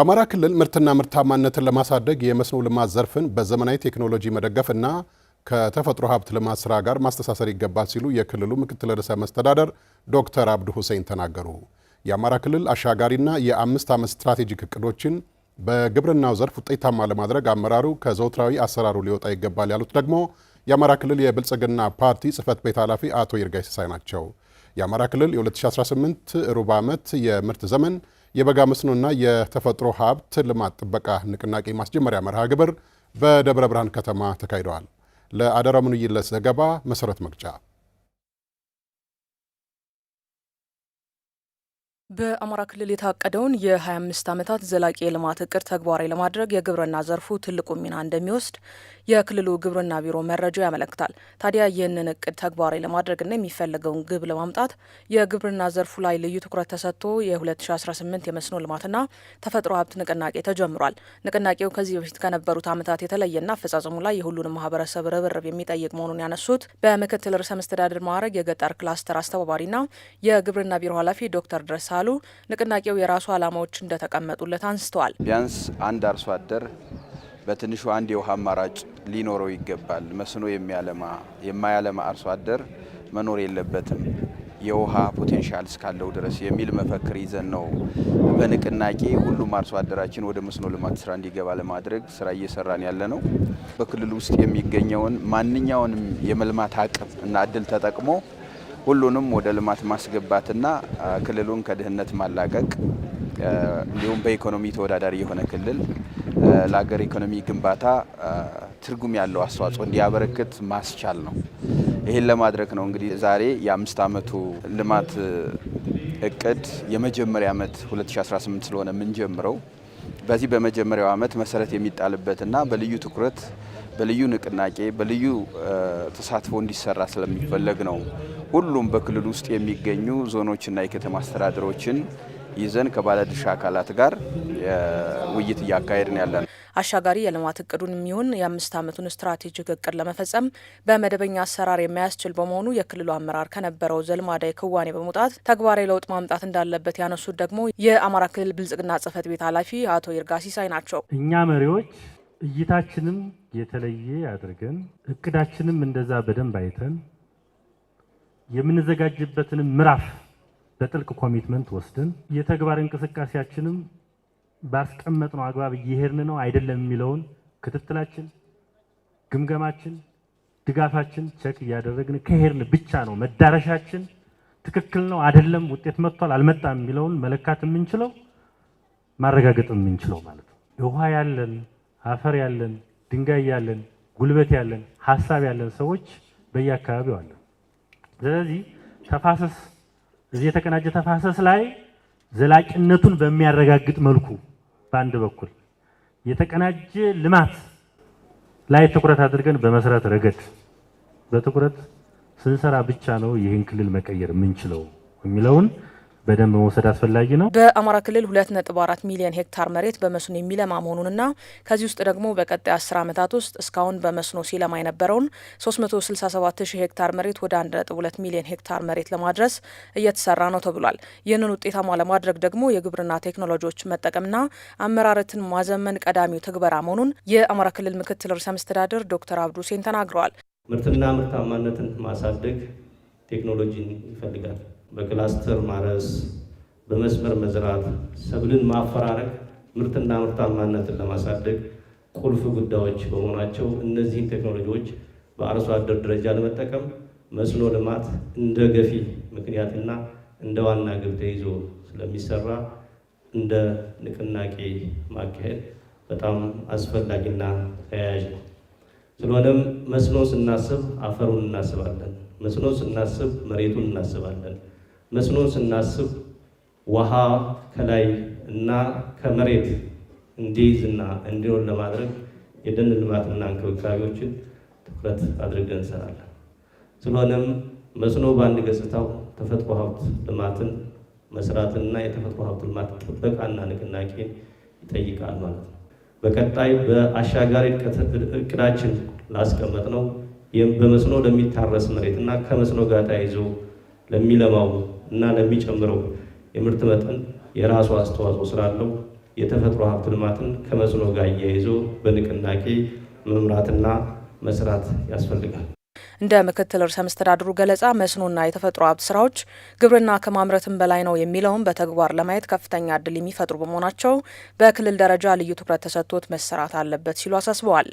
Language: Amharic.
አማራ ክልል ምርትና ምርታማነትን ለማሳደግ የመስኖ ልማት ዘርፍን በዘመናዊ ቴክኖሎጂ መደገፍና ከተፈጥሮ ሀብት ልማት ስራ ጋር ማስተሳሰር ይገባል ሲሉ የክልሉ ምክትል ርዕሰ መስተዳደር ዶክተር አብዱ ሁሴን ተናገሩ። የአማራ ክልል አሻጋሪና የአምስት ዓመት ስትራቴጂክ እቅዶችን በግብርናው ዘርፍ ውጤታማ ለማድረግ አመራሩ ከዘውትራዊ አሰራሩ ሊወጣ ይገባል ያሉት ደግሞ የአማራ ክልል የብልጽግና ፓርቲ ጽህፈት ቤት ኃላፊ አቶ ይርጋይ ሲሳይ ናቸው። የአማራ ክልል የ2018 ሩብ ዓመት የምርት ዘመን የበጋ መስኖና የተፈጥሮ ሀብት ልማት ጥበቃ ንቅናቄ ማስጀመሪያ መርሃ ግብር በደብረ ብርሃን ከተማ ተካሂደዋል። ለአደራ ምንይለት ዘገባ መሰረት መግጫ በአማራ ክልል የታቀደውን የ25 ዓመታት ዘላቂ የልማት እቅድ ተግባራዊ ለማድረግ የግብርና ዘርፉ ትልቁ ሚና እንደሚወስድ የክልሉ ግብርና ቢሮ መረጃው ያመለክታል። ታዲያ ይህንን እቅድ ተግባራዊ ለማድረግና የሚፈለገውን ግብ ለማምጣት የግብርና ዘርፉ ላይ ልዩ ትኩረት ተሰጥቶ የ2018 የመስኖ ልማትና ተፈጥሮ ሀብት ንቅናቄ ተጀምሯል። ንቅናቄው ከዚህ በፊት ከነበሩት ዓመታት የተለየና አፈጻጸሙ ላይ የሁሉንም ማህበረሰብ ርብርብ የሚጠይቅ መሆኑን ያነሱት በምክትል ርዕሰ መስተዳድር ማዕረግ የገጠር ክላስተር አስተባባሪና የግብርና ቢሮ ኃላፊ ዶክተር ድረሳ ቃሉ ንቅናቄው የራሱ ዓላማዎች እንደተቀመጡለት አንስተዋል። ቢያንስ አንድ አርሶ አደር በትንሹ አንድ የውሃ አማራጭ ሊኖረው ይገባል። መስኖ የሚያለማ የማያለማ አርሶ አደር መኖር የለበትም የውሃ ፖቴንሻል እስካለው ድረስ የሚል መፈክር ይዘን ነው በንቅናቄ ሁሉም አርሶ አደራችን ወደ መስኖ ልማት ስራ እንዲገባ ለማድረግ ስራ እየሰራን ያለ ነው። በክልል ውስጥ የሚገኘውን ማንኛውንም የመልማት አቅም እና እድል ተጠቅሞ ሁሉንም ወደ ልማት ማስገባትና ክልሉን ከድህነት ማላቀቅ እንዲሁም በኢኮኖሚ ተወዳዳሪ የሆነ ክልል ለሀገር ኢኮኖሚ ግንባታ ትርጉም ያለው አስተዋጽኦ እንዲያበረክት ማስቻል ነው። ይህን ለማድረግ ነው እንግዲህ ዛሬ የአምስት ዓመቱ ልማት እቅድ የመጀመሪያ ዓመት 2018 ስለሆነ የምንጀምረው በዚህ በመጀመሪያው ዓመት መሰረት የሚጣልበትና በልዩ ትኩረት በልዩ ንቅናቄ በልዩ ተሳትፎ እንዲሰራ ስለሚፈለግ ነው። ሁሉም በክልል ውስጥ የሚገኙ ዞኖችና የከተማ አስተዳደሮችን ይዘን ከባለድርሻ አካላት ጋር ውይይት እያካሄድን ያለን አሻጋሪ የልማት እቅዱን የሚሆን የአምስት ዓመቱን ስትራቴጂክ እቅድ ለመፈጸም በመደበኛ አሰራር የማያስችል በመሆኑ የክልሉ አመራር ከነበረው ዘልማዳይ ክዋኔ በመውጣት ተግባራዊ ለውጥ ማምጣት እንዳለበት ያነሱት ደግሞ የአማራ ክልል ብልጽግና ጽህፈት ቤት ኃላፊ አቶ ይርጋ ሲሳይ ናቸው። እኛ መሪዎች እይታችንም የተለየ አድርገን እቅዳችንም እንደዛ በደንብ አይተን የምንዘጋጅበትንም ምዕራፍ በጥልቅ ኮሚትመንት ወስደን የተግባር እንቅስቃሴያችንም ባስቀመጥነው አግባብ እየሄድን ነው አይደለም የሚለውን ክትትላችን፣ ግምገማችን፣ ድጋፋችን ቸክ እያደረግን ከሄድን ብቻ ነው መዳረሻችን ትክክል ነው አይደለም፣ ውጤት መጥቷል አልመጣም የሚለውን መለካት የምንችለው ማረጋገጥ የምንችለው ማለት ነው። ውሃ ያለን፣ አፈር ያለን፣ ድንጋይ ያለን፣ ጉልበት ያለን፣ ሀሳብ ያለን ሰዎች በየአካባቢው አለን። ስለዚህ ተፋሰስ እዚህ የተቀናጀ ተፋሰስ ላይ ዘላቂነቱን በሚያረጋግጥ መልኩ በአንድ በኩል የተቀናጀ ልማት ላይ ትኩረት አድርገን በመስራት ረገድ በትኩረት ስንሰራ ብቻ ነው ይህን ክልል መቀየር የምንችለው የሚለውን በደንብ መውሰድ አስፈላጊ ነው። በአማራ ክልል ሁለት ነጥብ አራት ሚሊዮን ሄክታር መሬት በመስኖ የሚለማ መሆኑንና ከዚህ ውስጥ ደግሞ በቀጣይ አስር ዓመታት ውስጥ እስካሁን በመስኖ ሲለማ የነበረውን 367 ሺህ ሄክታር መሬት ወደ 12 ነጥብ ሚሊዮን ሄክታር መሬት ለማድረስ እየተሰራ ነው ተብሏል። ይህንን ውጤታማ ለማድረግ ደግሞ የግብርና ቴክኖሎጂዎች መጠቀምና አመራረትን ማዘመን ቀዳሚው ትግበራ መሆኑን የአማራ ክልል ምክትል ርዕሰ መስተዳድር ዶክተር አብዱ ሁሴን ተናግረዋል። ምርትና ምርታማነትን ማሳደግ ቴክኖሎጂን ይፈልጋል። በክላስተር ማረስ፣ በመስመር መዝራት፣ ሰብልን ማፈራረቅ ምርትና ምርታማነትን ለማሳደግ ቁልፍ ጉዳዮች በመሆናቸው እነዚህን ቴክኖሎጂዎች በአርሶ አደር ደረጃ ለመጠቀም መስኖ ልማት እንደ ገፊ ምክንያትና እንደ ዋና ግብ ተይዞ ስለሚሰራ እንደ ንቅናቄ ማካሄድ በጣም አስፈላጊና ተያያዥ ነው። ስለሆነም መስኖ ስናስብ አፈሩን እናስባለን። መስኖ ስናስብ መሬቱን እናስባለን። መስኖን ስናስብ ውሃ ከላይ እና ከመሬት እንዲይዝና እንዲሆን ለማድረግ የደን ልማትና እንክብካቤዎችን ትኩረት አድርገን እንሰራለን። ስለሆነም መስኖ በአንድ ገጽታው ተፈጥሮ ሀብት ልማትን መስራትንና የተፈጥሮ ሀብት ልማት ጥበቃና ንቅናቄን ይጠይቃል ማለት ነው። በቀጣይ በአሻጋሪ እቅዳችን ላስቀመጥ ነው በመስኖ ለሚታረስ መሬትና ከመስኖ ጋር ተያይዞ ለሚለማው እና ለሚጨምረው የምርት መጠን የራሱ አስተዋጽኦ ስላለው የተፈጥሮ ሀብት ልማትን ከመስኖ ጋር እያይዞ በንቅናቄ መምራትና መስራት ያስፈልጋል። እንደ ምክትል ርዕሰ መስተዳድሩ ገለጻ መስኖና የተፈጥሮ ሀብት ስራዎች ግብርና ከማምረትም በላይ ነው የሚለውን በተግባር ለማየት ከፍተኛ እድል የሚፈጥሩ በመሆናቸው በክልል ደረጃ ልዩ ትኩረት ተሰጥቶት መሰራት አለበት ሲሉ አሳስበዋል።